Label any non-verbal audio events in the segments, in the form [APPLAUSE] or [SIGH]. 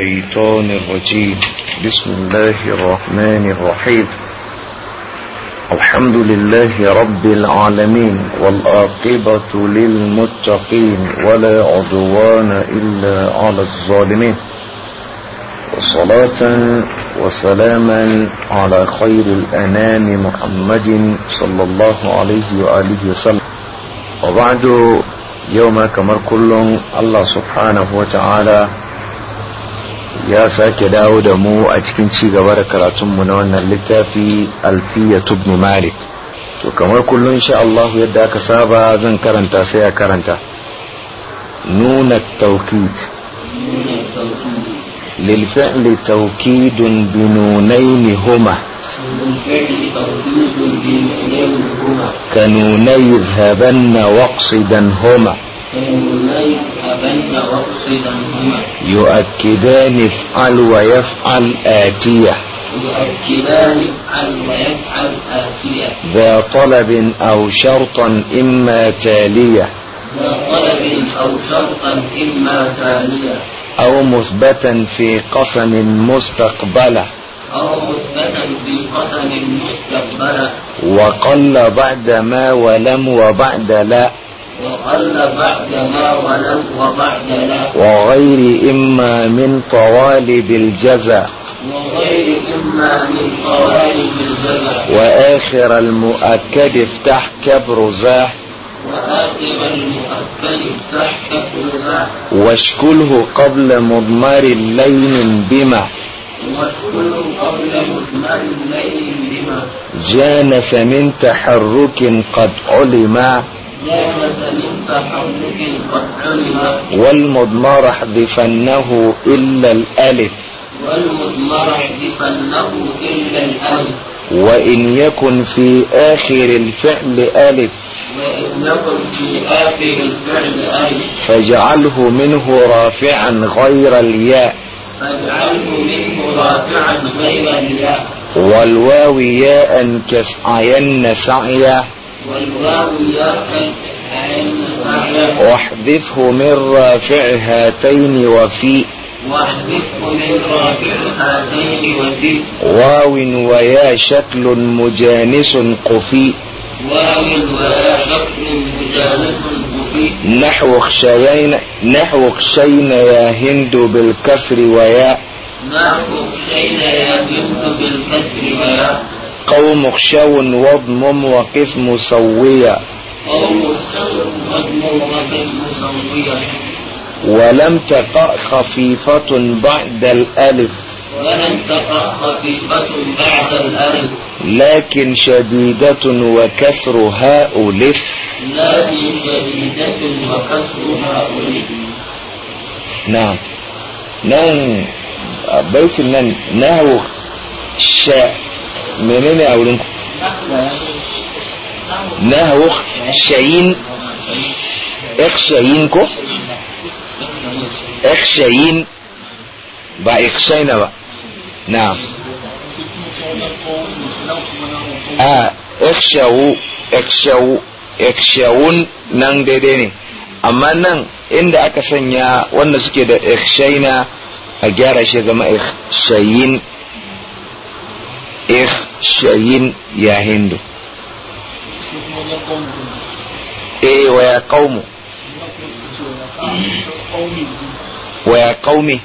الشيطان الرجيم بسم الله الرحمن الرحيم الحمد لله رب العالمين والآقبة للمتقين ولا عدوان إلا على الظالمين وصلاة وسلاما على خير الأنام محمد صلى الله عليه وآله وسلم وبعد يوم كمر كل الله سبحانه وتعالى يا ساكدا ودمو اتكن تشيغبا ركراتم منوانا لتافي الفية ابن مالك وكما كل ان شاء الله يدعك سابا زن كرنتا سيا كرنتا نون التوكيد للفعل توكيد بنونين هما كنوني اذهبن واقصدا هما يؤكدان افعل ويفعل آتية يؤكدان افعل ويفعل آتية ذا طلب أو شرطا إما تالية ذا طلب أو شرطا إما تالية أو مثبتا في قسم مستقبله أو مثبتا في قسم مستقبله وقل بعد ما ولم وبعد لا ولم وغير إما من طوالب الجزا إما من طوالب الجزا وآخر المؤكد افتح كبر زاه واشكله قبل مضمر اللين بما جانف من تحرك قد علم والمضمار احذفنه إلا الألف والمضمر احذفنه إلا الألف وإن يكن في آخر الفعل ألف وإن يكن في آخر الفعل ألف فاجعله منه رافعا غير الياء فاجعله منه رافعا غير الياء والواو ياء كسعين سعيا واحذفه من رافع هاتين وفي واحذفه من رافع هاتين وفي واو ويا شكل مجانس قفي واو ويا شكل مجانس قفي نحو خشينا نحو خشين يا هند بالكسر ويا نحو خشين يا هند بالكسر ويا قوم اخشوا واضمم وقف مسويا ولم تقع خفيفة بعد الألف ولم تقع خفيفة بعد الألف لكن شديدة وكسرها ألف لكن شديدة وكسرها ألف نعم نعم بيت نعم نعم شاء menene a wurin ku nahu shayin shayin ko shayin ba shayina ba na a shawu ikshawu shawun nan daidai ne amma nan inda aka sanya wanda suke da shayina a gyara shi zama shayin اخشين يا هندو ايه ويا قوم ويا قومي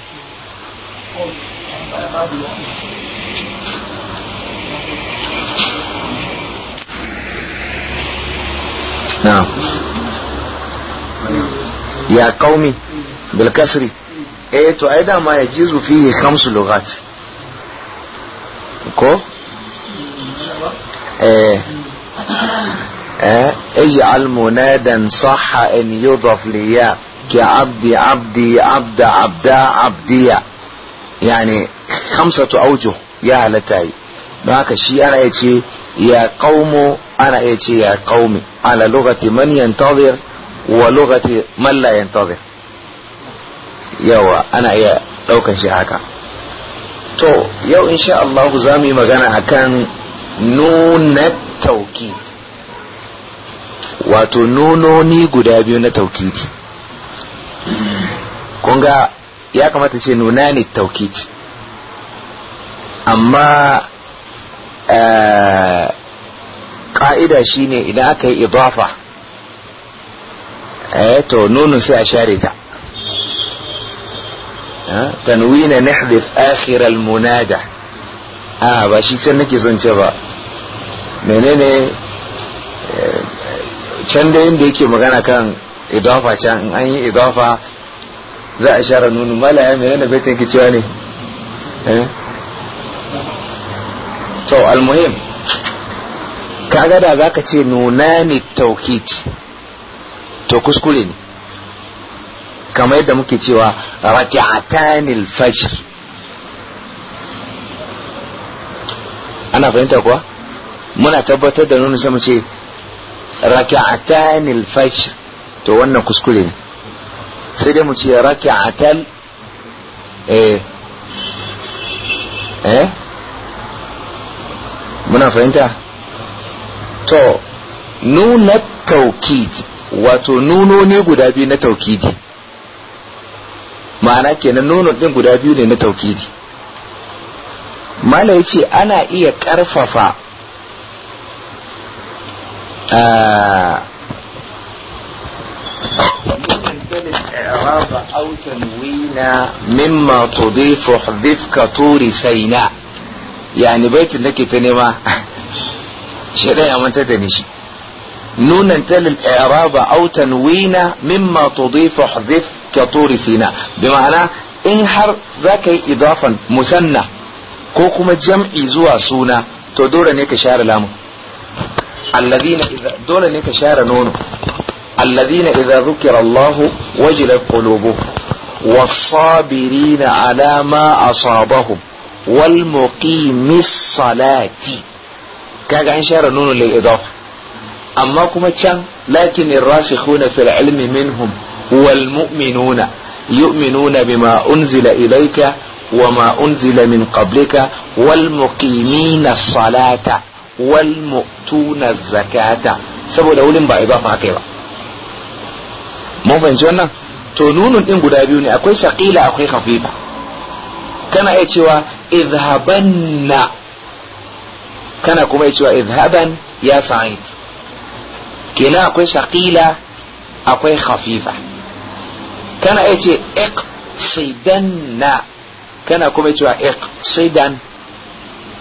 نعم يا قومي بالكسر ايه تعيد ما يجيز فيه خمس لغات كو اي آه اجعل منادا صح ان يضف ليا كعبدي عبدي عبد عبدا عبدي يعني خمسة اوجه يا لتاي معك شيء انا ايتي يا قوم انا ايتي يا قومي على لغة من ينتظر ولغة من لا ينتظر يوا انا يا لو كان شيء هكا تو يو ان شاء الله زامي مغانا magana nuna taukid wato nunoni guda biyu na taukid kunga ya kamata ce nuna ne taukid amma ƙa'ida eh, shine idan aka yi idafa eh, to nunun sai a share ta eh, tanwina nahdif akhiral munada a ba shi can nake son ce ba menene eh, can da yadda yake magana kan idafa can in an yi idafa za a share nunu ya menene baitin ki cewa ne eh? to almuhim ga da ka ce nuna ne taukit to kuskure ne kamar yadda muke cewa raka'atanil fajr ana fahimta kuwa muna tabbatar da nuna sama ce raka'atan al-fajr to wannan kuskure ne sai dai mu ce raka'atan eh eh muna fahimta to nuna taukid wato nuno ne guda biyu na taukidi ma'ana kenan nuno din guda biyu ne na taukidi mala ya ce ana iya karfafa أو تنوين مما تضيف كطور سيناء يعني بيت لك تدنيش نون تل الإعراب أو تنوين مما تضيف حذف كطور سيناء بمعنى إن حر ذاك إضافة مثنى ko kuma jam'i zuwa suna to dole ne ka share lamun alladhina dole ne ka share nono alladhina idza dhukira Allahu wajilat qulubuhum was-sabirina ala ma asabahum wal muqimis kaga an share nono lil idafa amma kuma can lakin ar-rasikhuna fil ilmi minhum wal mu'minuna yu'minuna ma unzila ilayka وما أنزل من قبلك والمقيمين الصلاة والمؤتون الزكاة سبو لولين با إضافة هكذا mun fahimci wannan to nunun ɗin guda biyu ne akwai shaqila akwai khafifa kana iya cewa idhabanna kana kuma iya cewa idhaban ya sa'id kenan akwai shaqila akwai khafifa kana iya ce na. kana kuma cewa iqsidan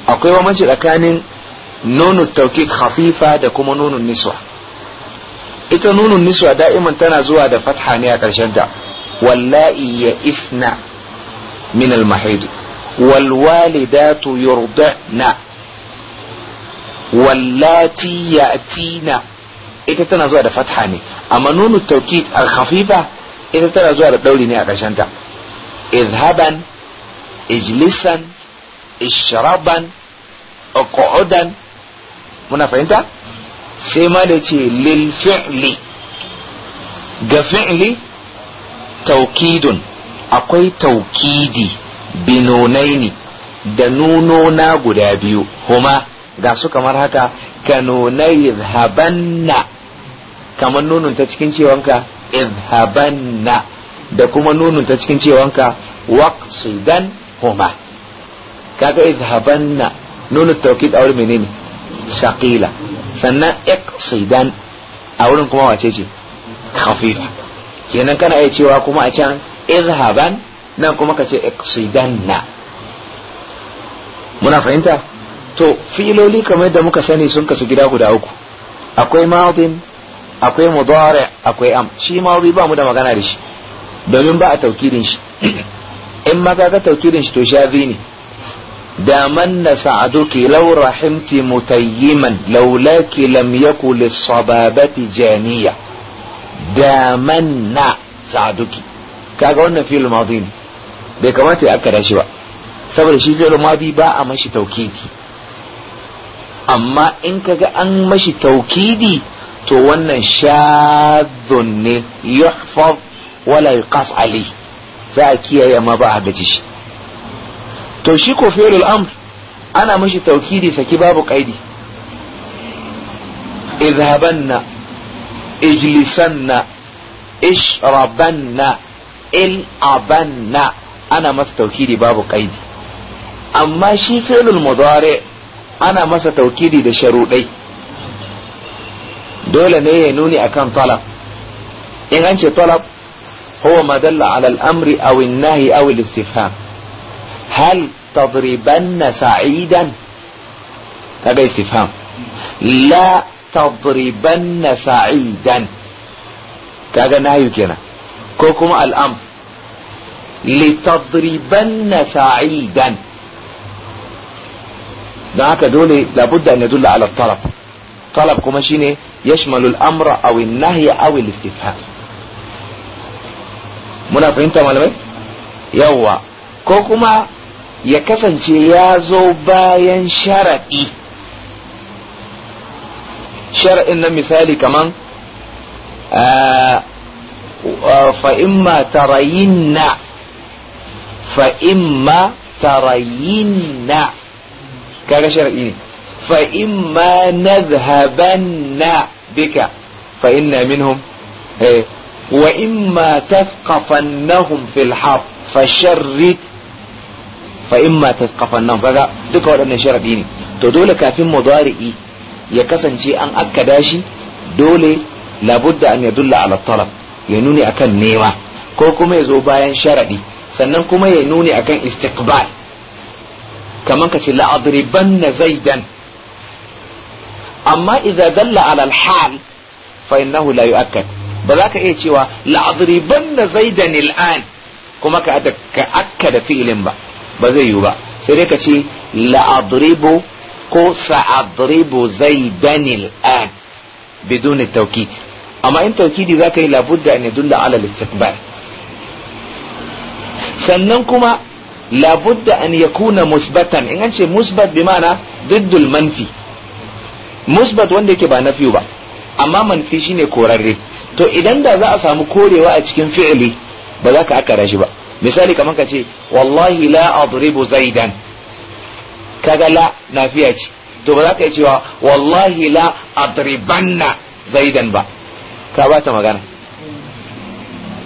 akwai bambanci tsakanin nunu tauki khafifa da kuma nunun niswa ita nunun niswa da'iman tana zuwa da fatha ne a ƙarshen ta wallahi ya isna min al-mahid wal walidatu yurdana wallati yatina ita tana zuwa da fatha ne amma nunu tauki al-khafifa ita tana zuwa da dauri ne a ƙarshen ta idhaban ijlisan ishraban uqudan muna fahimta sai ma da ce lil fi'li ga fi'li taukidun akwai taukidi binonaini da nunona guda biyu huma ga su kamar haka nunai izhabanna kamar nunun ta cikin cewanka izhabanna da kuma nunun ta cikin cewanka waqsidan huma kaga izhabanna nunu tawkid a wurin shaqila sannan iqsidan a kuma wace ce khafifa kenan kana iya cewa kuma a can izhaban nan kuma ka ce iqsidanna muna fahimta to fi'iloli kamar da muka sani sun kasu gida guda uku akwai madin akwai mudari akwai am shi madi ba mu da magana da shi domin ba a taukidin shi in ma ga tawkirin shi to shafi ne da manna sa'aduki law rahimti mutayyiman ki lam yaku lisababati janiya da manna ki kaga wannan fi'il madi ne bai kamata ya da shi ba saboda shi fi'il madi ba a mashi tawkidi amma in kaga an mashi tawkidi to wannan shadhun ne yuhfaz wala yuqas alayhi za a kiyaye amma ba a gaji shi to shi ko fi'lul amr ana mashi taukidi saki babu kaidi idhabanna ijlisanna ishrabanna il'abanna ana masa taukidi babu qaidi amma shi fi'lul mudari ana masa taukidi da sharuɗai dole ne ya nuni akan talab in an ce talab هو ما دل على الأمر أو النهي أو الاستفهام هل تضربن سعيدا هذا استفهام لا تضربن سعيدا هذا نهي كنا كوكما الأمر لتضربن سعيدا معك نعم، هكا دول لابد أن يدل على الطلب طلب كما شيني يشمل الأمر أو النهي أو الاستفهام muna fahimta malamai yawwa ko kuma ya kasance ya zo bayan sharaɗi sharaɗin na misali kaman eh, fa'imma tarayinna fa'imma tarayinna kaga sharaɗi ne bika نذهبن بك فإنا منهم وإما تثقفنهم في الحرب فشرد فإما تثقفنهم فذا duka waɗannan sharaɗi ne to dole kafin mudari'i ya kasance an akkada shi dole labudda an yadulla ala talab ya nuni akan nema ko kuma ya zo bayan sharaɗi sannan kuma ya nuni akan istikbal kaman ka ce la'adriban na zaidan amma idza dalla ala al-hal fa innahu la yu'akkad ba za ka iya cewa la'adriban na zaidan il'an kuma ka akka da fi'ilin ba ba zai yiwu ba sai dai ka ce la'adribu ko sa'adribu zaidan il'an bidun tawkid amma in tawkidi za ka yi labudda an yadulla ala istiqbal sannan kuma labudda an yakuna musbatan in an ce musbat bi ma'ana diddul manfi musbat wanda yake ba nafiyu ba amma manfi shine korarre to idan da za a samu korewa a cikin fi'ili ba za ka akara shi ba misali kamar ka ce wallahi la adribu zaidan kaga la nafiya ce to ba za ka yi cewa wallahi la adribanna zaidan ba ka ba ta magana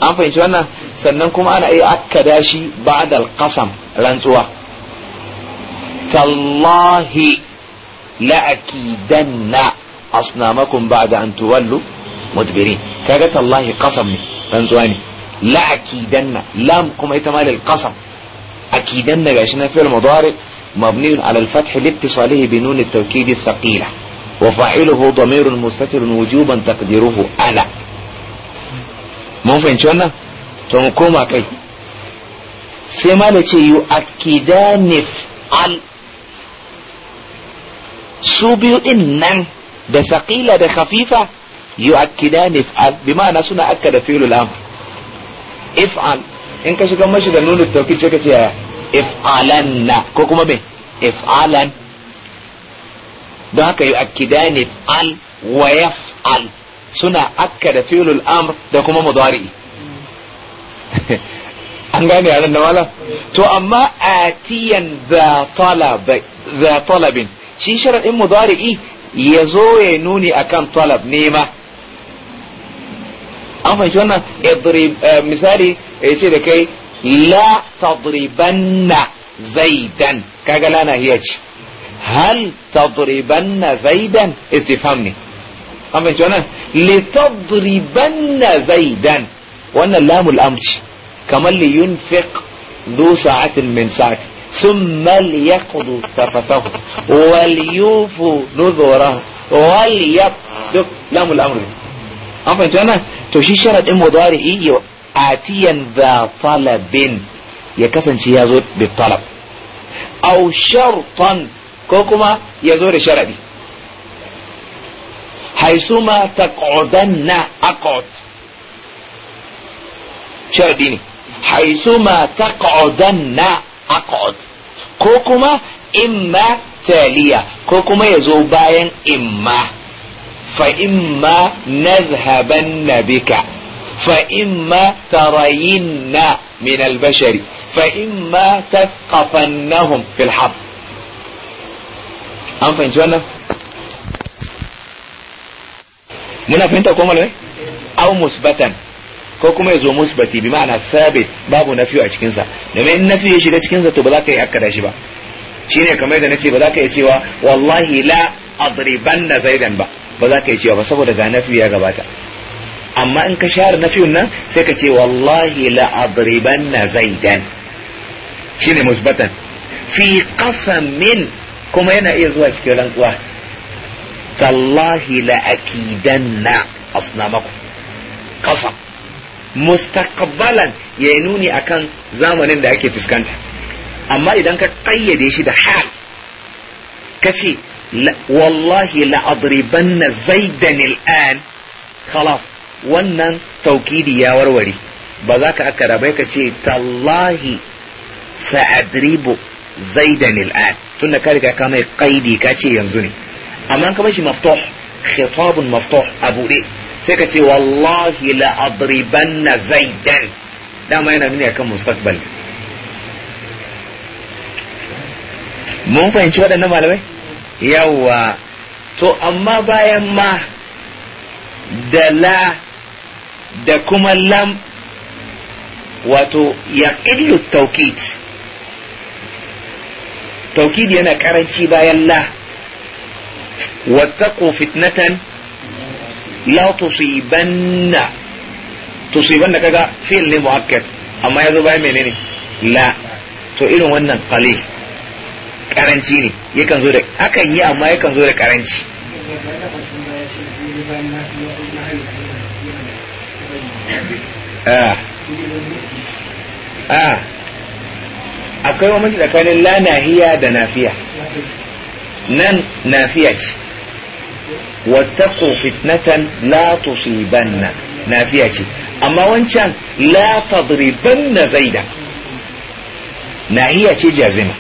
an fahimci wannan sannan kuma ana iya akada shi ba'da alqasam rantsuwa tallahi la akidanna asnamakum ba an tuwallu mudbirin kaga tallahi qasam ne rantsuwa ne la akidanna lam kuma ita ma lil qasam akidanna gashi na fi'il mudari مبني على الفتح لاتصاله بنون التوكيد الثقيلة وفاعله ضمير مستتر wujuban تقديره ala. mun fahimci wannan to mu koma kai sai ma da ce yu'akkidani al su biyu din nan da saƙila da khafifa يؤكدان افعل بمعنى سنة أكد فعل الأمر افعل إن كشك مشي نون التوكيد شكا شيئا افعلن كوكما به افعلن دهك يؤكدان افعل ويفعل سنة أكد فعل الأمر ده كما مضارئي an gane yaran da malam to amma atiyan za talabin shi sharaɗin mudari'i ya zo ya nuni akan talab nema أما شونا يضرب آه، مثالي يصير كي لا تضربن زيدا كقال أنا هل تضربن زيدا استفهمني أما شونا لتضربن زيدا وأنا لام الأمر كما اللي ينفق ذو ساعة من ساعته ثم ليقضوا تفته وليوفوا نذوره وليبدك لام الأمر أفهمت أنا؟ to shi sharaɗin mudari'i ya atiyan da talabin ya kasance ya zo da talab au shartan ko kuma ya zo da sharaɗi haisuma taq'udanna aq'ud sharaɗi ne haisuma taq'udanna aq'ud ko kuma imma taliya ko kuma ya zo bayan imma فإما نذهبن بك فإما ترين من البشر فإما تثقفنهم في الحرب an fahimci wannan muna fahimta ko malamai au musbatan ko kuma ya zo musbati bi ma'ana sabit babu nafi a cikinsa domin in nafi ya shiga cikinsa to ba za ka yi akkada shi ba shine kamar yadda nace ba za ka iya cewa wallahi la adriban na zaidan ba ba za ka yi cewa ba saboda ga nafi ya gabata amma in ka share nafiyun nan sai ka ce wallahi la adribanna zaidan shine musbatan fi qasamin kuma yana iya zuwa cikin rantsuwa tallahi la na asnamaku qasam mustaqbalan ya nuni akan zamanin da ake fuskanta amma idan ka kayyade shi da hal ka ce wallahi la'adribanna zaidan al'an khalas wannan taukidi ya warware ba za ka akara bai ka ce tallahi sa'adribu zaidan al'an tunda ka riga ka mai kaidi ka ce yanzu ne amma ka bashi maftuh khitabun maftuh a buɗe sai ka ce wallahi la'adribanna zaidan dama yana nuni akan mustaqbal mun fahimci waɗannan malamai yawwa to amma bayan ma da la da kuma lam wato ya illu taukid taukid yana karanci bayan la wattaku fitnatan la tusibanna tusibanna kaga fil ne mu'akkad amma yazo bayan menene la to irin wannan qalil karanci ne yakan zo da akan yi amma yakan zo da karanci ah. Ah. akwai wani tsakanin la nahiya da nafiya nan nafiya ce wattaqu fitnatan la tusibanna nafiya ce amma wancan la tadribanna zaida nahiya ce jazima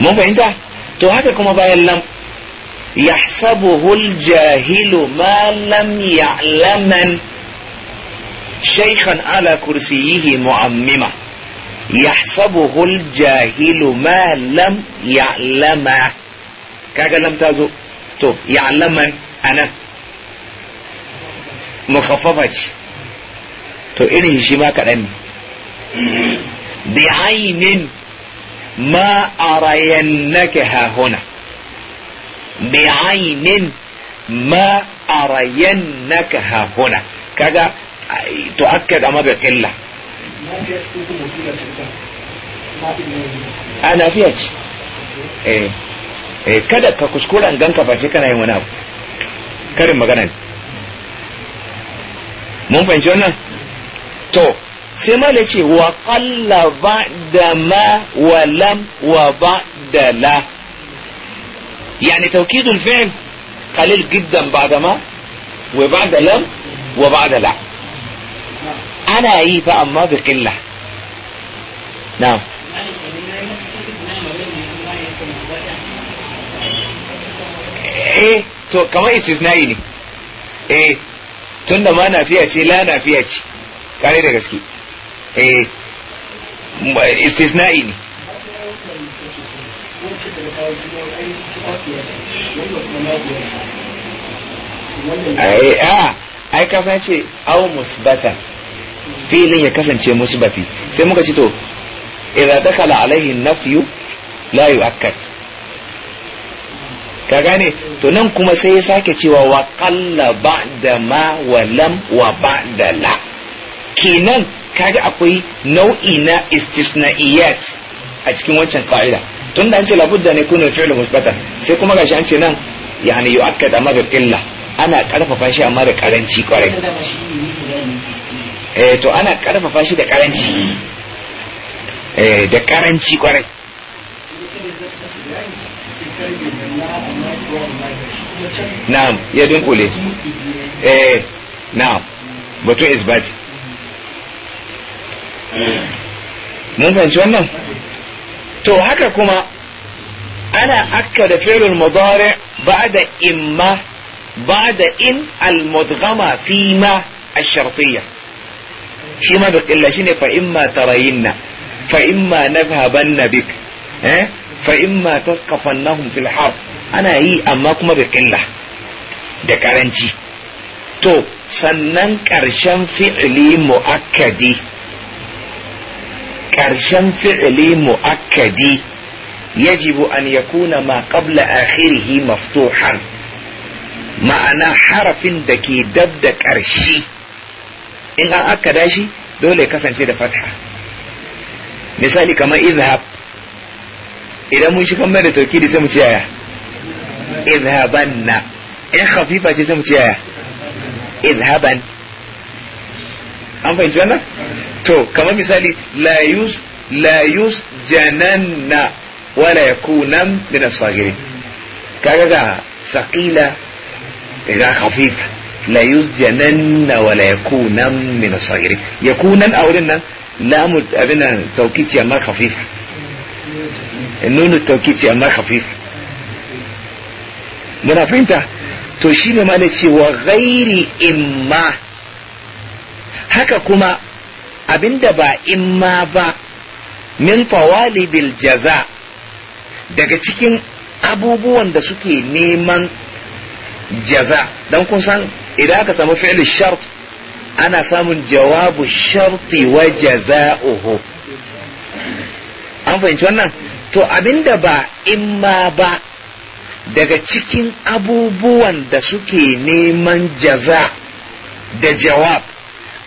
mun fahimta to haka kuma bayan nan yahsabuhu aljahilu ma lam ya'laman shaykhan ala kursiyihi mu'ammima yahsabuhu aljahilu ma lam ya'lama kaga lam tazo to ya'laman ana mukhaffafati to irin shi ma kadan ne bi ما أرينك ها هنا بعين ما أرينك ها هنا كذا تؤكد أمر القلة أنا فيها إيه eh kada ka kuskura in ganka face kana yin wani abu karin magana ne mun fahimci wannan to sai mala ce wa ba da ma wa lam wa da la يعني توكيد الفعل قليل جدا بعد ما وبعد لم وبعد لا أنا إيه بقى أما بقلة نعم إيه تو كمان استثنائي ne eh tunda ma na fiya ce la na fiya ce kare da gaske Eh, istisna'i ne ai ka ce au musbata filin ya kasance musbati sai muka ci to idza dakala alaihi nafyu la yu'akkad ka gane to nan kuma sai ya sake cewa wa qalla ba'da ma wa lam wa ba'da la kenan kaga akwai nau'i na istisna'iyat a cikin wancan ka'ida tun da an ce labudda ne kunar fi'il musbata sai kuma gashi an ce nan yani yu'akkad amma bil illa ana karfafa shi amma da karanci kwarai eh to ana karfafa shi da karanci eh da karanci kwarai na'am ya dunkule eh na'am batun isbati mun fahimci wannan to haka kuma ana akkada fi'lul mudari ba'da imma ba'da in al-mudghama fi ma ash-shartiyya shi ma da illa shine fa imma tarayinna fa imma nadhhabanna bik eh fa imma tasqafannahum fil harb ana yi amma kuma da illa da karanci to sannan ƙarshen fi'li mu'akkadi ƙarshen fi'ili mu'akkadi yajibu an yakuna ma qabla akhirihi maftuhan ma'ana harafin da ke dab da ƙarshi in an akkada shi dole kasance da fatha misali kamar izhab idan mun shiga mai da taukidi sai mu ciyaya yaya na in khafifa ce sai mu ciyaya izhaban an fahimci wannan to kamar misali la yus la yus jananna wala yakunan min as-sagirin kaga ga saqila ga khafifa la yus jananna wala yakunan min as-sagirin yakunan a wurin nan lamu abin nan tawkiti amma khafifa nunu tawkiti amma khafifa muna fahimta to shine ma ne cewa ghairi imma haka kuma abinda ba in ma ba min bil jaza daga cikin abubuwan da suke neman jaza don kun san idan aka samu fi'il shart ana samun jawabu sharti wa jaza'uhu an fahimci wannan to abinda ba in ma ba daga cikin abubuwan da suke neman jaza da jawab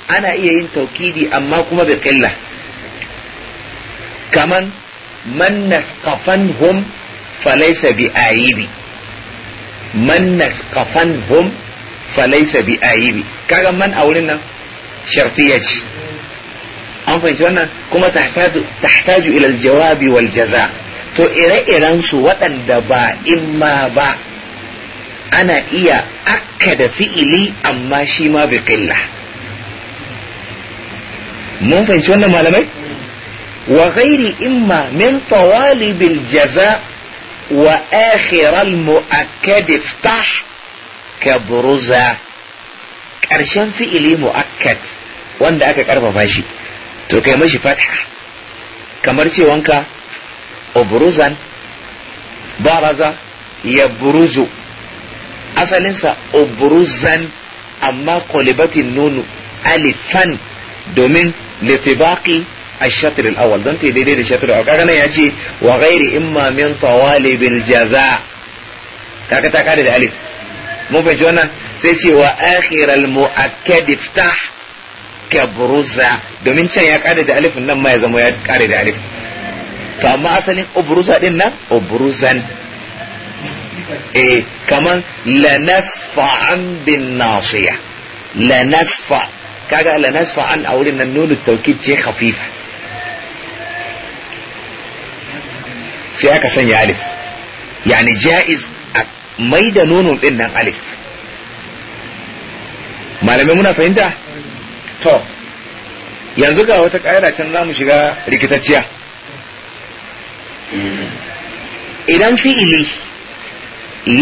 ana iya yin taukidi amma kuma bi qilla kaman man nasqafanhum falaysa bi ayibi man nasqafanhum falaysa bi ayibi kaga man a wurin nan shartiya ce an fahimci wannan kuma tahtaju ila aljawabi wal jaza to ire-iren su waɗanda ba imma ba ana iya da fi'ili amma shi ma bi qilla mun fahimci wannan malamai wa ghairi imma min tawalibil jaza wa akhiral mu'akkad iftah ka buruza ƙarshen fi'ili mu'akkad wanda aka karfafa shi to kai mashi fatha kamar cewanka ubruzan baraza ya buruzu asalinsa ubruzan amma kwalibatin nunu alifan domin litibaqi الشطر الاول دون تي ديدي الشطر الاول كاغنا يجي وغير اما من طوالب الجزاء كاغا تا كاري مو بيجي wannan sai ce wa akhir al muakkad iftah kabruza domin can ya kare da alifin nan ma ya zama ya kare da alif to amma asalin ubruza din nan ubruzan kaman lanasfa' kaga na nasfa an a wurin nan nunu taukid ce khafifa sai aka sanya alif yani jaiz a mai da nunun din nan alif malamai muna fahimta to yanzu ga wata ƙa'ida can za mu shiga rikitacciya idan fi'ili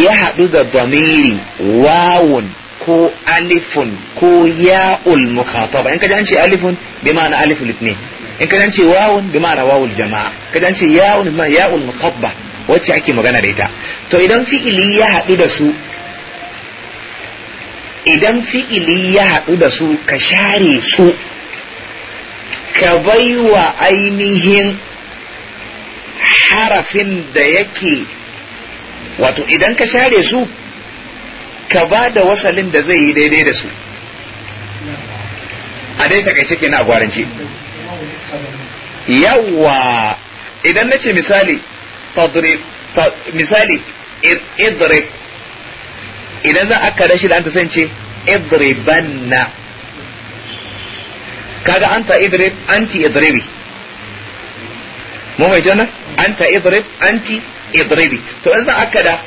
ya haɗu da domiri wawun ko alifun ko ya'ul mukhataba in ka an ce alifun bi ma'ana aliful itne in ka an ce wawun bi ma'ana wawul jama'a ka an ce ya'un bi ya'ul muqabba wacce ake magana da ita to idan fi'ili ya haɗu da su idan fi'ili ya haɗu da su ka share su ka baiwa ainihin harafin da yake wato idan ka share su ka ba da wasalin da zai yi daidai da su a dai takaice kenan a gwarance yawwa idan na ce misali misali idrib idan za a kada shi da an ta sance idribanna kaga anta idrib anti idribi mu mai jana anta idrib anti idribi to in za a kada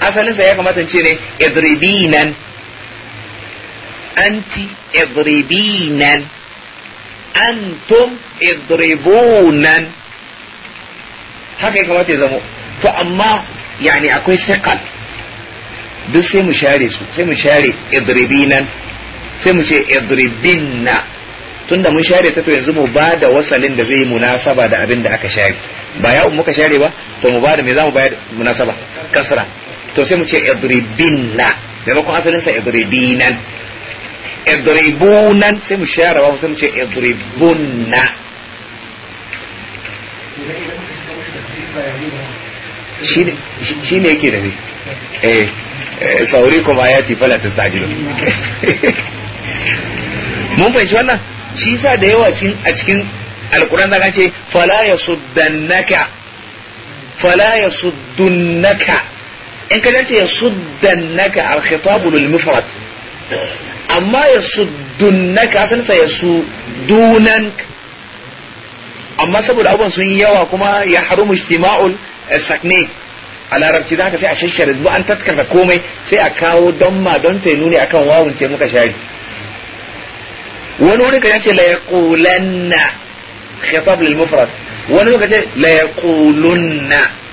asalinsa ya kamata ce ne idribinan anti idribinan antum idribunan haka ya kamata ya zamo to amma yani akwai sakal duk sai mu share su sai mu share idribinan sai mu ce idribinna tunda mun share ta to yanzu mu ba da wasalin da zai munasaba da abin da aka share ba ya muka share ba to mu ba da me za mu bayar munasaba kasra to sai mu ce idribinna maimakon asalin sa idribinan idribunan sai mu share ba sai mu ce idribunna shi ne yake da ne eh, eh sauri kuma ya fala ta sadilu mun fahimci wannan shi sa da yawa a cikin alkuran zaka ce fala ya suddannaka fala ya suddannaka in ka dace yasuddannaka al-khitab lil-mufrad amma yasuddunaka asalin sa yasuddunan amma saboda abubuwan sun yawa kuma ya harumu istima'ul sakne a larabci da haka sai a shashare duk an tattaka komai sai a kawo don ma don ta nuni akan wawun ce muka share wani wani kan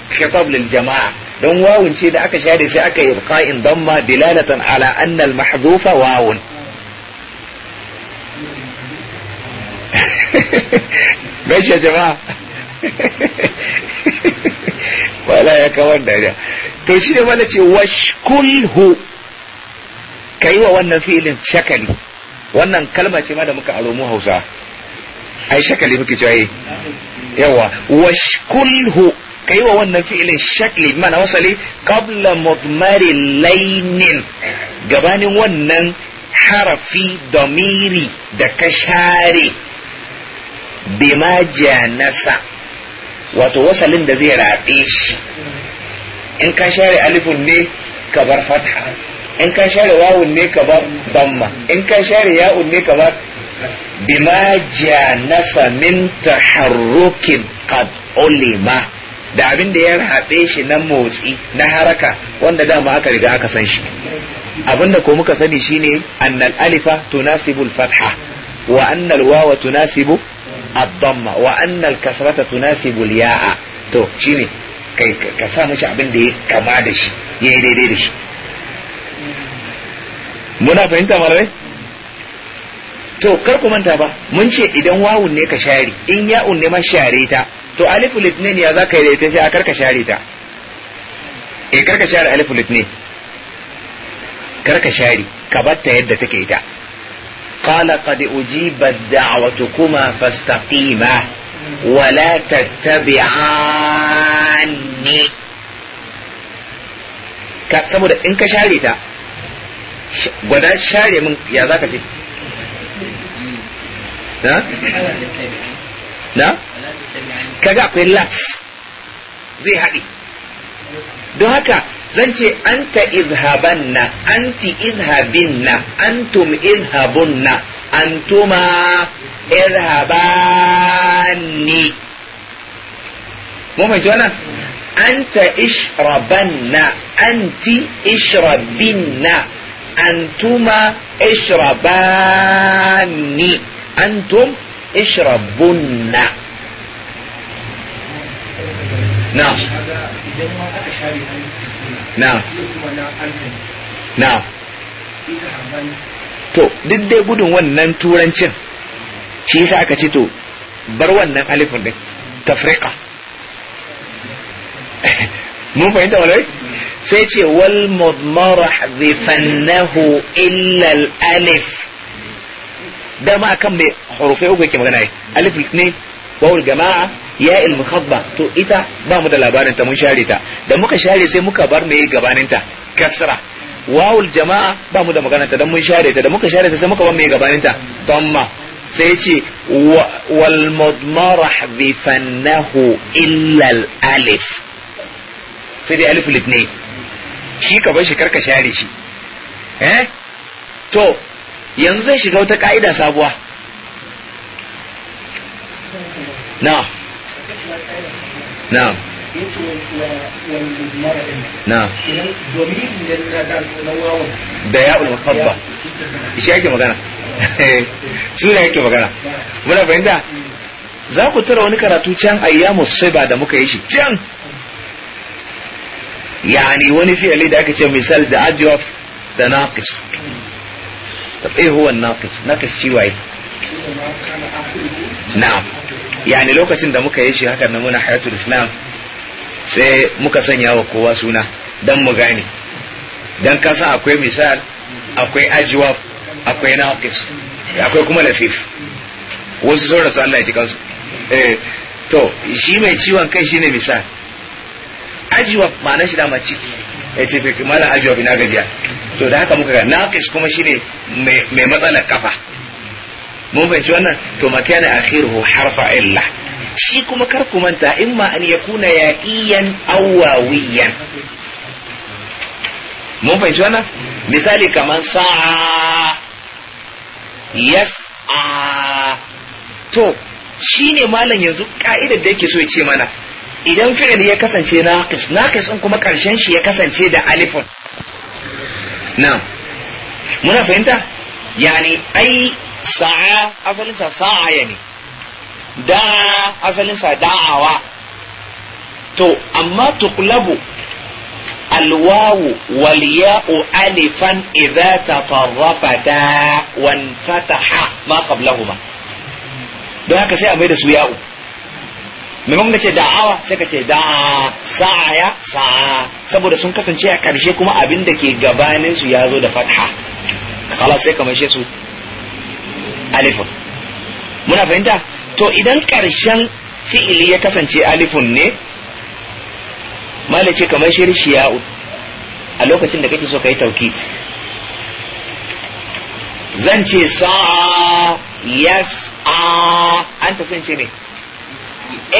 wani ce jama'a don wawun ce da aka share sai aka ibqa'in damma dilalatan ala anna al wawun [LAUGHS] gashi ya jama'a [LAUGHS] wala ya kawar da ya to shi ne mana ce washkulhu kai wa wannan filin shakali wannan kalma ce ma da muka aro Hausa ai shakali muke cewa eh. yawa washkulhu kai wa wannan fi'ilin shakli mana wasali qabla mudmari lainin gabanin wannan harafi domiri da ka share bima janasa wato wasalin da zai rabe shi in ka share alifun ne ka bar fatha in ka share wawun ne ka bar damma in ka share ya'un ne ka bar bima janasa min taharrukin qad ulima da abin da ya raɓe shi na motsi na haraka wanda dama aka riga aka san shi Abinda ko muka sani shine annal alifa tunasibu al-fatha wa annal wawa tunasibu ad-damma wa annal kasrata tunasibu al-ya'a to shine kai ka sa mishi abin da ya kama da shi yayi daidai da shi muna fahimta malamai to kar ku manta ba mun ce idan wawun ne ka share in ya'un ne ma share ta to alifu litinin ya za ka yi da ita sai a karka share ta eh karka share alifu litinin karka share ka batta yadda take ita qala qad ujibat da'watukuma fastaqima ولا تتبعاني ka saboda in ka share ta gwada share min ya za ka ce na? na? kaga akwai laps zai haɗe don haka zan ce anta izhabanna anti izhabinna antum izhabunna antuma irhabanni mun fahimci wannan anta ishrabanna anti ishrabinna antuma ishrabani antum ishrabunna na'am idan na to duk dai gudun wannan turancin shi yasa aka ce to bar wannan alifin din tafriqa [LAUGHS] mun fahimta walai sai ce wal mudmara dhifannahu illa al alif dama akan mai hurufai uku yake magana alif ne wawul jama'a ya il muhabba to ita ba mu da labarin ta mun share ta da muka share sai muka bar mai gabanin kasra wawul jama'a ba mu da magana ta dan mun share ta da muka share ta sai muka bar mai gabanin ta damma sai ce wal mudmarah bi fannahu illa al alif sai dai alif litne shi ka bar shi karka share shi eh to yanzu zai shiga wata ka'ida sabuwa na na'am na'am da shi magana [LAUGHS] suna yake magana muna fahimta za ku tura wani karatu can ayyamu ba da muka yi shi can yani wani fi'ali da aka ce misal da adjaf da naqis tab eh huwa naqis yani lokacin da muka yi shi hakan na muna hayatul islam sai muka sanya wa kowa suna don mu gane don kasa akwai misal akwai ajiwaf akwai naqis akwai kuma lafif wasu sauran su Allah ya ji kansu eh to shi mai ciwon kai shine misal ajiwaf ma'anar shi ma ciki ya ce fi mala ajiwaf ina gajiya to da haka muka ga naqis kuma shine mai matsalar kafa mun fahimci wannan to makana akhiruhu harfa illa shi kuma kar ku manta imma an yakuna yaqiyan aw wawiyan mun fahimci wannan misali kaman sa'a yas'a to shine malam yanzu ka'idar da yake so ya ce mana idan fi'il ya kasance naqis naqis din kuma karshen shi ya kasance da alifun na'am muna fahimta yani ai sa'a asalinsa sa'aya ne da'a asalinsa da'awa to amma tuqlabu alwawu wal ya'u alifan idza tatarrafata wan fataha ma qablahuma don haka sai a mai da su ya'u maimakon ka ce da'awa sai ka ce da'a sa'aya sa'a saboda sun kasance a ƙarshe kuma abin da ke gabanin su ya zo da fatha kala sai ka shi su alifun muna fahimta to idan karshen fi'ili ya kasance alifun ne malace kamar shirshiya'u a lokacin da kake so ka yi tauki zan ce sa yas a an ta sun ce ne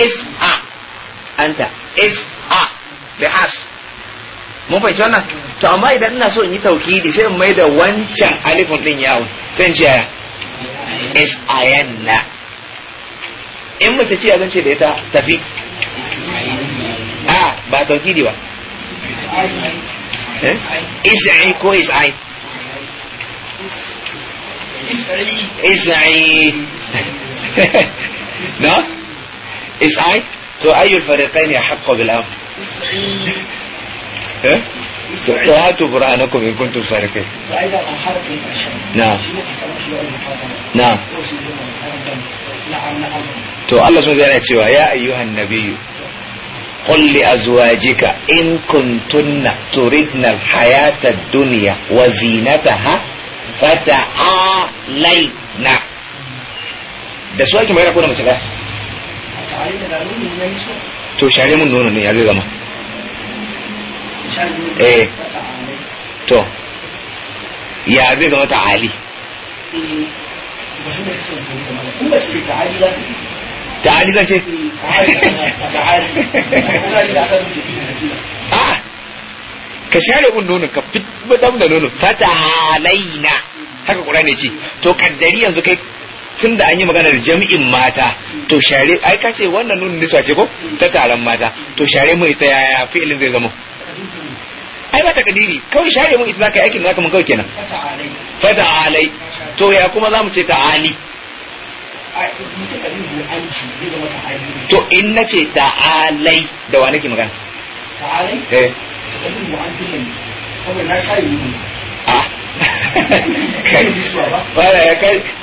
is a an ta is a bi has mun fahimci wannan to amma idan ina so in yi tauki sai in mai da wancan alifun din yawo sai in ce yaya is ayanna in mace ce zan ce da ita tafi a ba is ba Is ko is is'i no is'i to ayyul fariqain ya haqqo bil amr وآتوا برهانكم إن كنتم سارقين. نعم. نعم تو الله سبحانه وتعالى يقول يا أيها النبي قل لأزواجك إن كنتن تردن الحياة الدنيا وزينتها فتعالينا ده سؤال كما يقول مثلا تو شاري من نونو ني عزيزة ما ايه تو يا عزيزة ما تعالي تعالي a ka share un nonon ka fit madam da nonon fata halaina haka qur'ani ce to kaddari yanzu kai tun da an yi maganar jami'in mata to share ai ka ce wannan nunin nisa ce ko ta taron mata to share mu ita yaya fi'ilin zai zama ai ba ta kadiri kawai share mu ita zaka aikin zaka mun kawai kenan fata alai to ya kuma za mu ce ta ali to in na ce ta alai da wa nake magana ta alai eh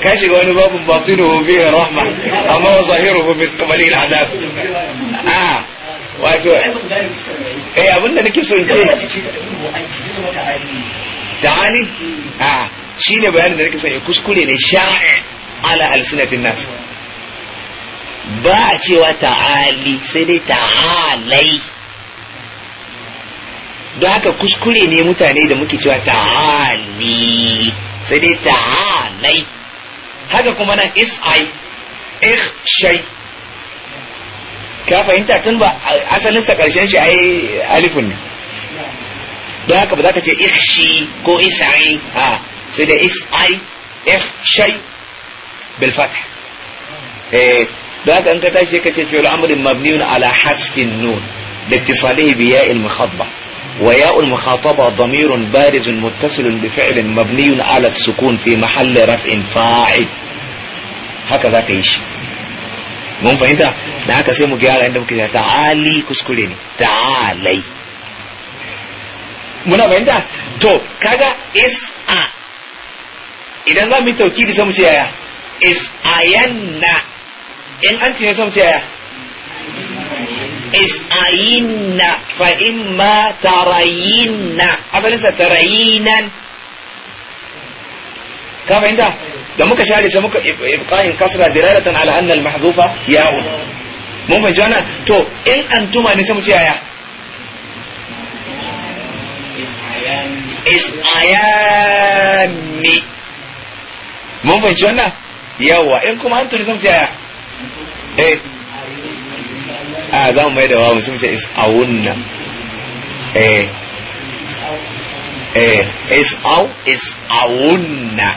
kai shiga wani babin batinuhu fi rahma amma wa zahiruhu min qabli al'adab ah wato eh abinda nake so in ce eh. ah Shi ne bayanin da nake son kuskure ne sha'i ala alsinatin nas ba a cewa ta'ali sai dai ta'alai don haka kuskure ne mutane da muke cewa ta'ali sai dai ta'alai haka kuma nan is'ai shai. ka fahimta tun ba asalin sa karshen shi ai alifun ne don haka ba za ka ce shi ko is'ai a في ده اس اي اف شيء بالفتح ذات إيه. ان تتاشي في الامر مبني على حذف النون لاتصاله بياء المخاطبة وياء المخاطبة ضمير بارز متصل بفعل مبني على السكون في محل رفع فاعل هكذا تعيش mun فهمت da haka sai mu gyara inda muke ta'ali kuskure ne ta'alai muna fahimta to idan za mu yi tauki sai mu ce yaya is ayanna in an ce sai mu ce yaya is ayinna fa imma tarayinna asalin sa tarayinan ka fahimta da muka share sai muka ibqa'in kasra dilalatan ala anna al-mahzufa ya'un mun fahimci wannan to in antuma ne sai mu ce yaya is ayami mun fahimci wannan yawa in kuma an turi sun fi yaya eh a za mu mai da wawu sun fi is awunna eh eh is aw is awunna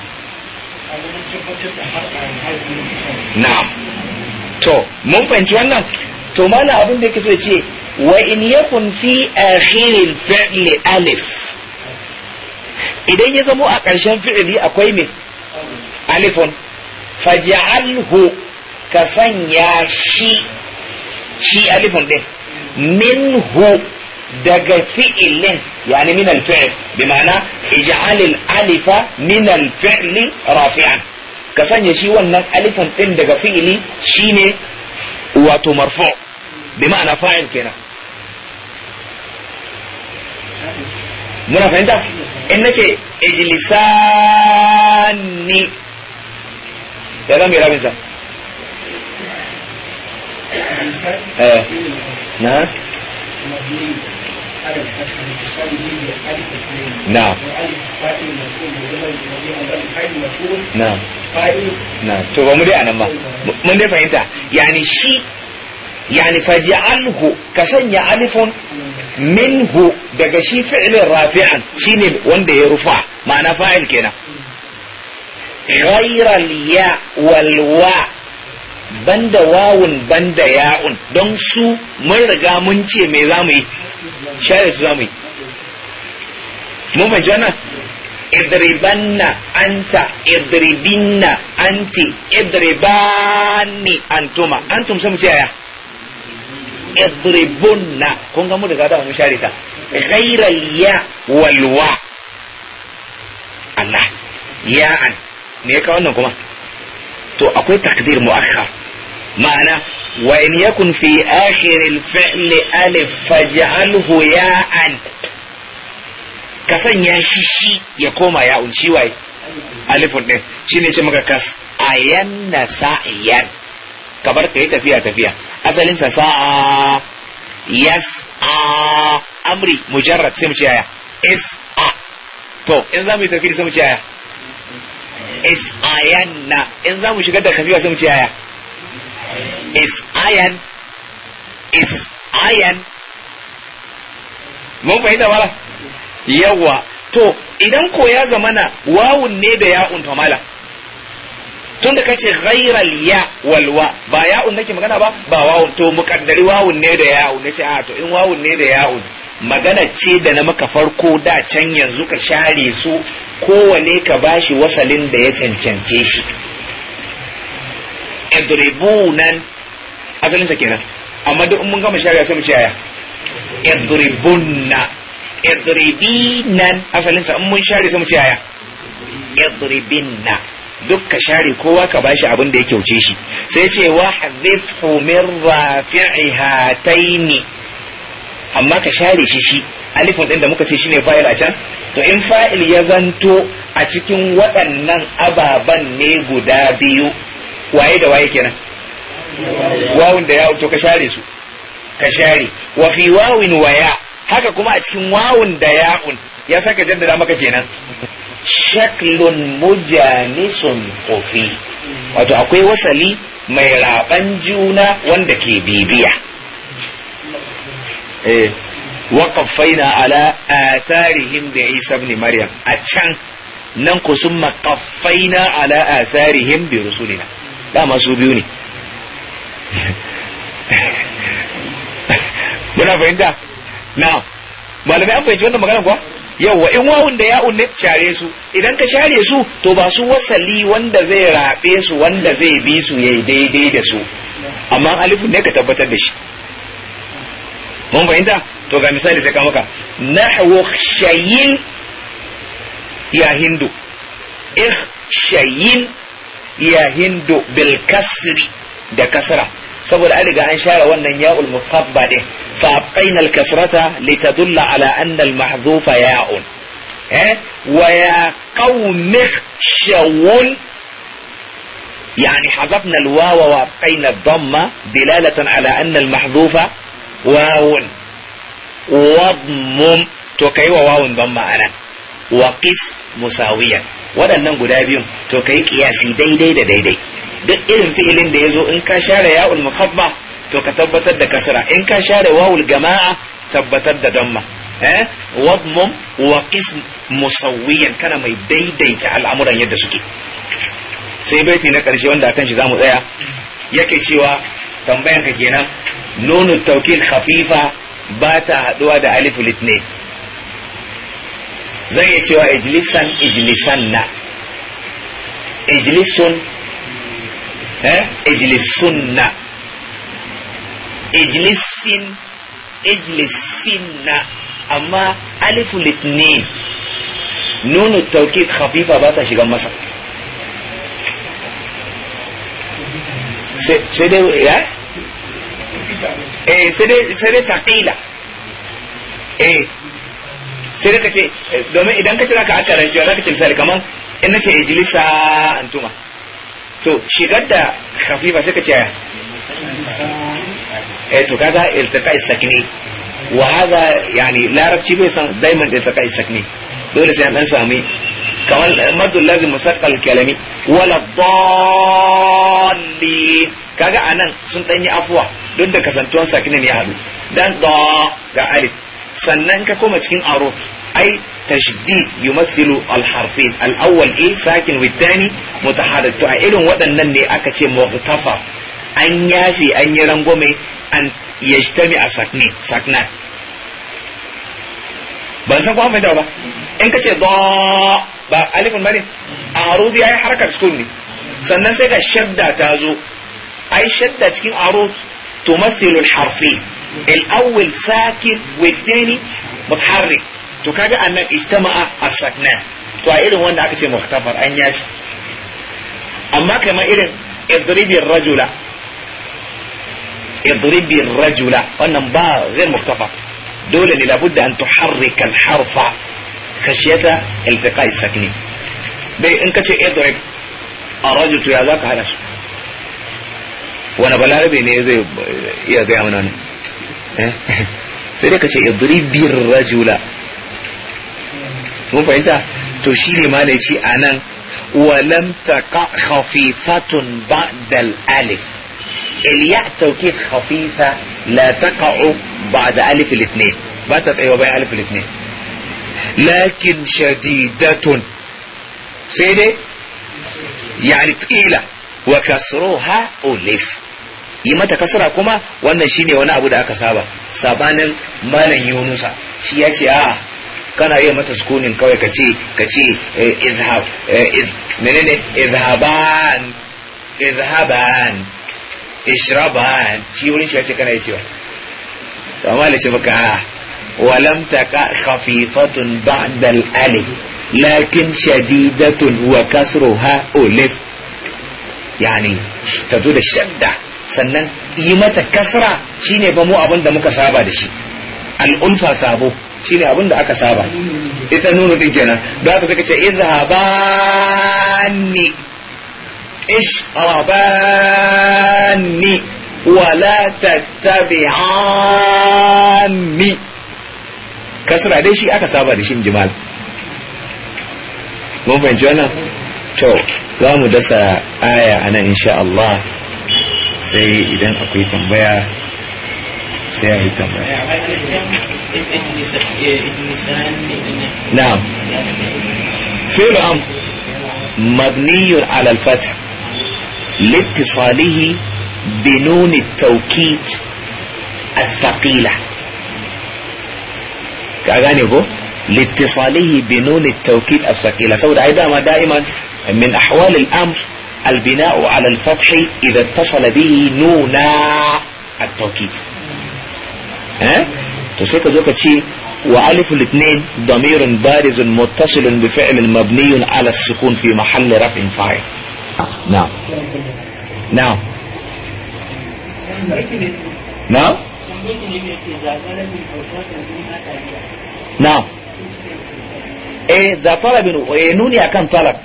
to mun fahimci wannan to mana abin da yake so ce wa in yakun fi akhiril fi'li alif idan ya zamo a ƙarshen fi'li akwai ne ألف فاجعله كسنيا شي شي ألف ده منه دق فعل يعني من الفعل بمعنى اجعل الألف من الفعل رافعا كسنيا شي ونن ألف إن دق فعل شيني واتو مرفوع بمعنى فاعل كده muna fahimta in nace ijlisani ya za mu rabinsa na Na. Na. Na. to ba mu dai anan ba mun dai fahimta yani shi yani Na. ka sanya alifun minhu daga shi Na. rafi'an shine wanda ya rufa ma'ana fa'il kenan غير الياء والواء banda wawun banda ya'un don su mun riga mun ce me za mu yi share su za mu yi mu mai jana idribanna anta idribinna anti idribani antuma antum sai ce yaya idribunna kun ga mu riga da mu share ta ghairal ya walwa Allah ya'an me ya kawo wannan kuma to akwai takdir mu'akhkhar ma'ana wa in yakun fi akhir al-fi'l alif faj'alhu ya'an ka sanya shi shi ya koma ya shi waye alifun din shine ce maka kas Ayan na sa'iyan kabar kai tafiya tafiya asalin sa sa'a yas'a amri mujarrad sai mu ce yaya A. to in za mu yi tafiya sai mu ce yaya is'ayanna in za mu shiga da kafiya sai mu ce yaya is'ayan is'ayan mun fahimta mala yawa to idan ko ya zamana wawun ne da ya unta mala da kace ghairal ya walwa ba un nake magana ba ba wawun to kaddari wawun ne da un nace a ah, to in wawun ne da un magana ce da na maka farko da can yanzu ka share su kowane ka bashi wasalin da ya cancance shi nan asalin sa kenan amma duk mun gama shari'a sai mu ce aya idribunna nan asalin sa mun share sai mu ce aya idribinna ka share kowa ka bashi abin da ya kyauce shi sai ce wa hadithu min rafi'ihataini amma ka share shi shi alifun din da muka ce shine fa'il a can to in fa'il ya zanto a cikin waɗannan ababen ne guda biyu waye da waye kenan wawun da ya to ka share su ka share wa fi wawin waya haka kuma a cikin wawun da ya'un ya saka jaddada maka kenan shaklun mujanisun kofi wato akwai wasali mai raban juna wanda ke bibiya eh, wa qaffaina ala atharihim bi Isa ibn Maryam a can nan ku sun maqaffaina ala atharihim bi rusulina dama su biyu ne muna fahimta na malamai an fahimci wannan magana kuwa yawwa in wawun da ya ne share su idan ka share su to ba su wasali wanda zai rabe su wanda zai bi su yayi daidai da su amma alifun ne ka tabbatar da shi mun fahimta to ga misali sai ka maka nahwu shayin ya hindu ikh shayin ya hindu bil kasri da kasra saboda an riga an share wannan ya'ul mufabba din fa abqayna al kasrata litadulla ala anna al mahdhufa ya'un eh wa ya qaum shawun يعني حذفنا الواو وابقينا الضمه دلاله على ان المحذوفه واو wabmum to kai wa wawun ban ma'ana wa qis musawiyan waɗannan guda biyun to kai kiyasi daidai da daidai duk irin fi'ilin da yazo in ka share ya'ul mukhabba to ka tabbatar da kasra in ka share wawul jama'a tabbatar da damma eh wabmum wa qis musawiyan kana mai daidaita al'amuran yadda suke sai baiti na karshe wanda akan shi zamu tsaya yake cewa tambayanka kenan nunu tawkil khafifa ba ta haɗuwa da alif litne zan iya cewa ijlisan ijlisan na ijlisun eh? ijlisun na ijlisin ijlisin na amma alif litne nunu taukid khafifa ba ta shiga masa sai dai ya eh sai dai sai dai taqila eh sai dai kace eh, domin idan kace zaka aka ranshi zaka ce misali kaman in nace iblisa antuma to shigar da khafifa sai kace ya eh to kaga iltiqa isakni wa hada yani larabci bai san daiman iltiqa isakni dole sai an sami kamar madu lazim musaqqal kalami wala dalli kaga anan sun danyi afwa duk da kasantuwan sakinin ya haɗu dan da ga alif sannan ka koma cikin aro ai tashdid yumathilu al-harfin al-awwal a sakin with thani mutaharrik a irin waɗannan ne aka ce mughtafa an yafi an yi rangwame an yajtami a sakni saknan ban san kuma fahimta ba in ka ce da ba alifin bane arud yayi harakar sukun ne sannan sai ga shadda ta zo ai shadda cikin arud تمثل الحرفين الأول ساكن والثاني متحرك تكاد أنك اجتمع الساكنان تعيلهم وأن أكتب مختفر أن يش أما كما إذن اضرب الرجل اضرب الرجل وأن با غير مختفر دول اللي لابد أن تحرك الحرف خشية التقاء الساكنين بانك انك اضرب الرجل يا ذاك هذا wani balarabe ne zai iya gaya mana wani sai dai ka ce idribir rajula mun fahimta to shi ne ma da ci a nan walam taqa khafifatun ba'da alif الياء توكيد خفيفة لا تقع بعد ألف الاثنين باتت أيوة بقى ألف الاثنين لكن شديدة سيدي يعني تقيلة وكسرها ألف yi mata kasara kuma wannan shine wani abu da aka saba sabanin malam yunusa shi ya ce a'a kana yi mata sukunin kawai ka ce ka ce menene izhaban izhaban ishraban shi wurin shi ya ce kana iya cewa to amma da ce maka ولم تقع خفيفة بعد الألف لكن شديدة وكسرها ألف يعني تزول الشدة sannan yi mata kasra shine ba mu abin da muka saba da shi al'ulfa sabo shine abin da aka saba ita nuna din kenan da haka suka ce izhabani ishrabani wala tattabi'ani kasra dai shi aka saba da shi jimal mun fahimci wannan to za mu dasa aya anan insha Allah sai idan akwai tambaya sai a yi tambaya na'am fi'l am مبني على الفتح لاتصاله بنون التوكيد الثقيلة كأغانيكو لاتصاله بنون التوكيد الثقيلة سود أيضا دائما من أحوال الأمر البناء على الفتح إذا اتصل به نونا التوكيد ها تسيك زوكتشي وألف الاثنين ضمير بارز متصل بفعل مبني على السكون في محل رفع فاعل نعم نعم نعم نعم ايه ده طلب ايه نوني اكن طلب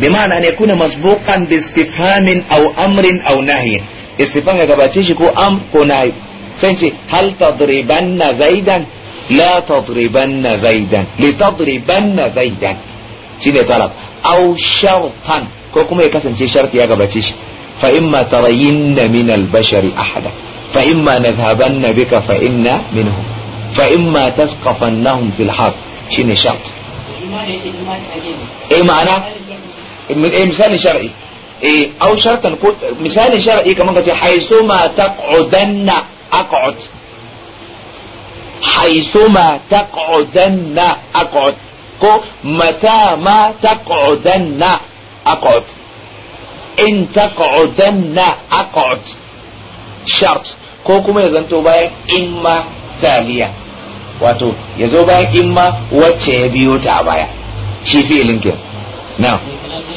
بمعنى أن يكون مسبوقا باستفهام أو أمر أو نهي استفهام يقباتي كو أمر كو نهي فانشي هل تضربن زيدا لا تضربن زيدا لتضربن زيدا شيني طلب أو شرطا كو كما شرط شي شرط يقباتي فإما ترين من البشر أحدا فإما نذهبن بك فإنا منهم فإما تثقفنهم في الحرب شيني شرط إيه معنى مثال شرعي إيه أو شرطا مثال شرعي كمان قلت حيثما تقعدن أقعد حيثما تقعدن أقعد كو متى ما تقعدن أقعد إن تقعدن أقعد شرط كو كما ya zanto اما تاليا واتو wato ya zo bayan imma wacce ya biyo ta a baya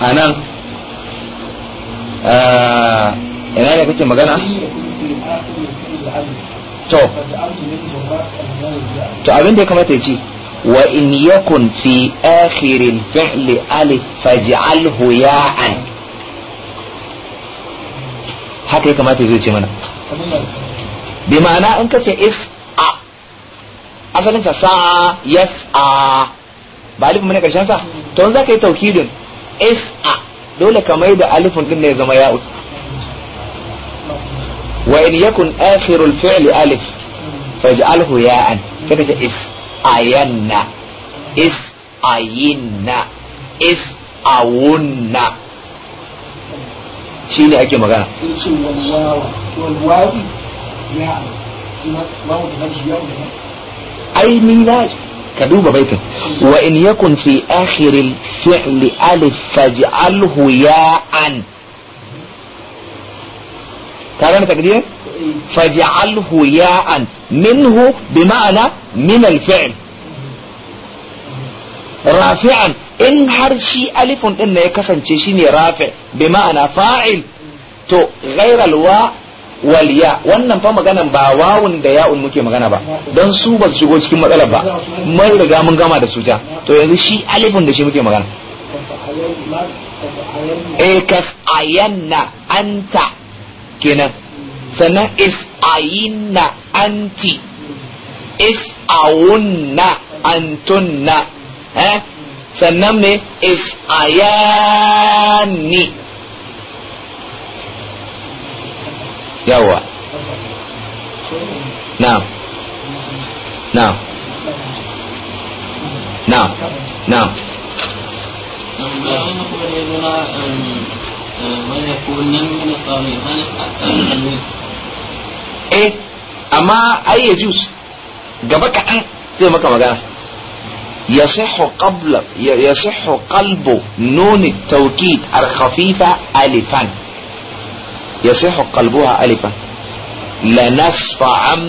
a nan eh, ina ne kake magana to to abin da ya kamata ya ci. wa in yakun fi akhirin fi'li alif haka ya kamata zai ce mana bi ma'ana in ka ce a asalin sa sa yes a ba alif mun karshen sa to in zaka yi taukidin is'a dole ka mai da alifun din ne ya zama ya'u wa in yakun akhirul fi'li alif faj'alhu ya'an sai ka is ayanna is ayinna is awunna shine ake magana ai ni na كدوب بيته وإن يكن في آخر الفعل ألف فاجعله ياء تعلم تقدير فاجعله ياء منه بمعنى من الفعل رافعا إن هرشي ألف إن يكسن ne رافع بمعنى فاعل تو غير الواء Walya wannan fa maganan ba wawun da ya'un muke magana ba don su ba su shigo cikin matsalar ba mai riga mun gama da su ja to yanzu shi alifin da shi muke magana E, eh, kas ayanna anta kenan sannan is ayinna anti is awunna antunna eh sannan me is ayani قوة نعم نعم نعم نعم إيه أما أي جوز قبلك أن يصح قبل يصح قلب نون التوكيد الخفيفة ألفا يصيح قلبها ألفا لنصف عم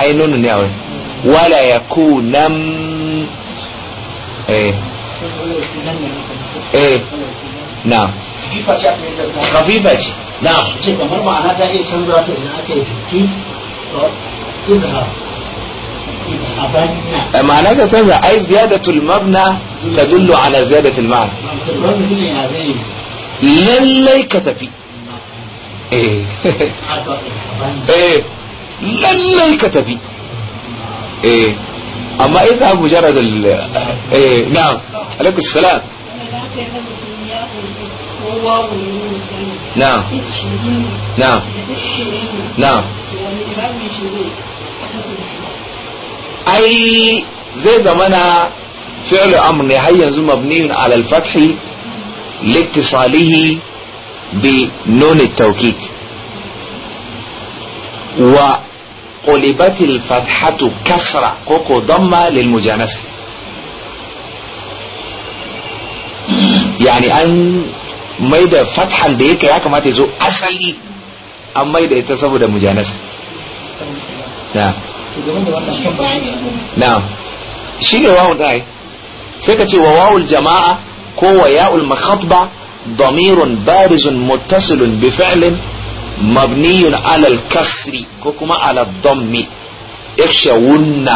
أي نون نعوي ولا يكون ايه ايه نعم خفيفة نعم na'am إيه، تنزع أي زيادة المبنى تدل على زيادة المعنى نعم. للي كتفي ايه [LAUGHS] ايه للي كتبي ايه اما اذا مجرد ال ايه نعم عليكم السلام نعم نعم نعم اي زي زمانها فعل امر هي ينزل مبني على الفتح لاتصاله بنون التوكيد وقلبت الفتحة كسرة كوكو ضمة للمجانسة يعني أن ميدا فتحا ديك يا كما تزو أصلي أم ميدا يتصبو دا مجانسة نعم نعم شيء واو داي سيكا تي وواو الجماعة كو وياء المخطبة ضمير بارز متصل بفعل مبني على الكسر كما على الضم اخشون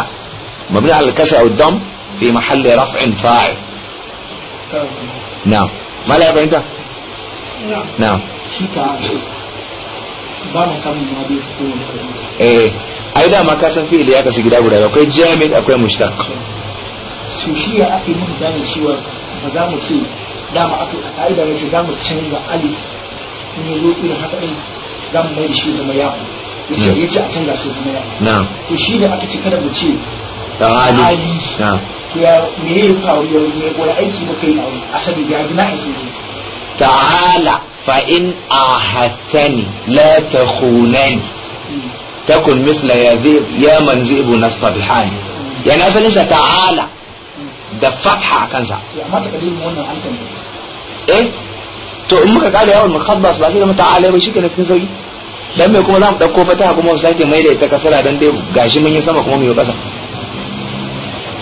مبني على الكسر او الضم في محل رفع فاعل نعم ما لا يبقى انت نعم نعم eh ai dama ka san fi'ili ya kasu gida guda akwai jami'in akwai mushtaq su shi ya ake dama aka a ka'ida yake za mu canza alif in ya zo irin haka ɗin za mu mai da shi zama yawo ya ce a canza shi zama yawo to shi da aka ce kada mu ce ali ya me ya faru ya ne wani aiki muka yi a wani asali ya gina a sai ta'ala fa in ahattani la takhunani takun misla ya ya man zibu nasfadhani yani asalin sa ta'ala da fatha a kansa amma takadirin wannan eh to in muka kare yawan mukhabbas ba sai zama ta'ala ba shikenan cikin sauki dan me kuma za mu dauko fataha kuma mu sake mai da ita kasara dan dai gashi mun yi sama kuma mu yi kasa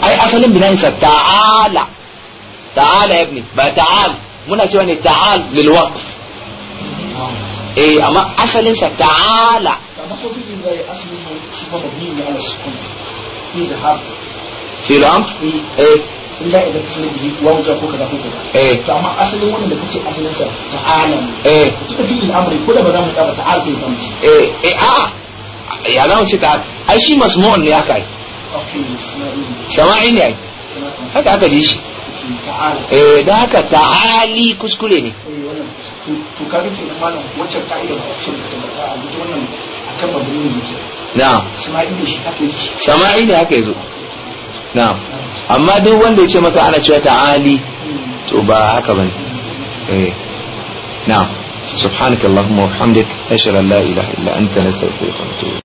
ai asalin binayin sa ta'ala ta'ala ibni ba ta'al muna cewa ne ta'al lil waqf eh amma asalin sa ta'ala amma ko bi da asalin shi ba da ala sukun ni da habu filo am eh illa idan ka sanar bihi wanka ko kaza ko kaza eh to amma asalin wannan da kace asalin sa ta'ala eh kika fi al'amari ko da ba za mu tsaba ta'ala bai san eh eh a ah, ya za mu ce ta ai shi masmu'un ne aka yi sama'i ne ai haka aka ji shi eh da haka ta'ali kuskure ne eh, to ka rufe da malam wacce ka'ida ba ce ta a duk wannan akan babu ne na'am sama'i ne shi haka yake sama'i ne haka yazo na'am amma duk wanda ya ce maka ana cewa ta'ali to ba haka bane eh na'am subhanakallahumma wa bihamdik ashhadu an la ilaha illa anta nastaghfiruka wa atubu